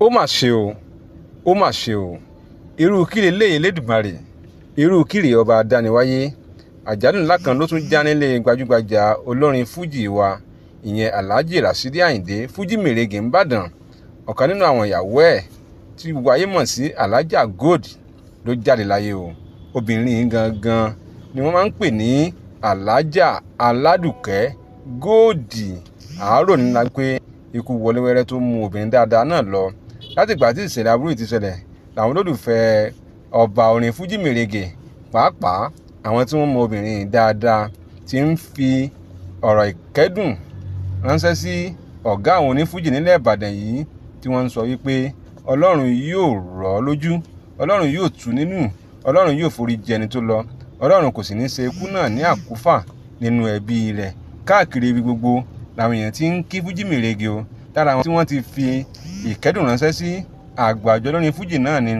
ó mà ṣe o ó mà ṣe o irú kíre léyìn lẹ́dùnmarè irú kíre ọba adániwáyé àjálù ńlá kan ló tún já nílé gbajúgbajà olórin fújì wa ìyẹn alhaji rasidi ayinde fújì mèrègè ńbàdàn ọ̀kan nínú àwọn ìyàwó ẹ̀ tí gbogbo ayé mọ̀ sí alhaja gold ló jáde láyé o obìnrin gangan ni wọ́n máa ń pè ní alhaja aládùkẹ́ góòdì àárò nínú pé ikú Wọlé Wẹ́rẹ́ tó mú obìnrin dáadáa náà lọ látìgbà tí ìṣẹ̀lẹ̀ aburú ti ṣẹlẹ̀ làwọn olólùfẹ́ ọba orin fújì mèrègè pàápàá àwọn tí wọ́n mọ obìnrin dáadáa ti ń fi ọ̀rọ̀ ìkẹ́dùn ránṣẹ́ sí ọ̀gá àwọn onífújì nílẹ̀ Ìbàdàn yìí tí wọ́n ń sọ wípé Ọlọ́run yóò rọ̀ ọ́ lójú Ọlọ́run yóò tù nínú Ọlọ́run yóò forí jẹni tó lọ Ọlọ́run kò sì ní ṣe ikú náà ní àkúfà nínú ẹbí rẹ̀ káàkiri ibi gbogbo làwọn èèyàn ti ń kí fújì mèrege o lára àwọn tí wọ́n ti fi ìkẹ́dùn ránṣẹ́ sí àgbà àjọ lórin fújì náà ni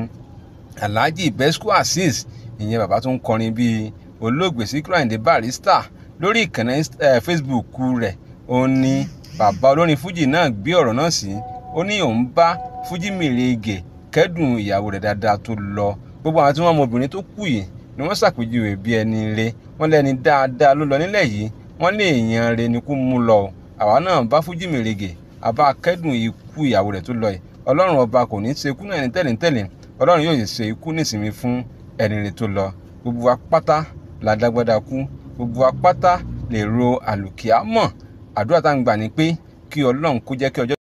alhaji besco azeez ìyẹn bàbá tó ń kọrin bíi olóògbé Síkírù Àyìndé Barrister lórí ìkànnì eh, Facebook rẹ̀ òun ni bàbá olórin fújì náà gbé ọ̀rọ̀ náà sí ó ní òun bá fújì mèrege kẹ́dùn ìyàwó rẹ̀ dáadáa tó lọ gbogbo àwọn tí wọ́n mọ obìnrin tó kù yìí ni wọ́n ṣàpèjúwe bí ẹni rẹ̀ wọ́n lẹ́ni dáadáa ló lọ nílẹ̀ yìí wọ́n lé èèyàn rẹ̀ ní kú mú lọ o àwa náà bá fújì mèrègè àbá kẹ́dùn ikú ìyàwó rẹ̀ tó lọ yìí ọlọ́run ọba kò ní í ṣe ikú náà ní tẹ̀léńtẹ̀lé ọlọ́run yóò ṣe ikú nísìmí fún ẹni rẹ̀ tó lọ gbogbo wa la dágbádá kú gbogbo wa lè ro àlùkìá mọ̀ àdúrà tá à ń gbà ní pé kí ọlọ́run kó jẹ́ kí ọjọ́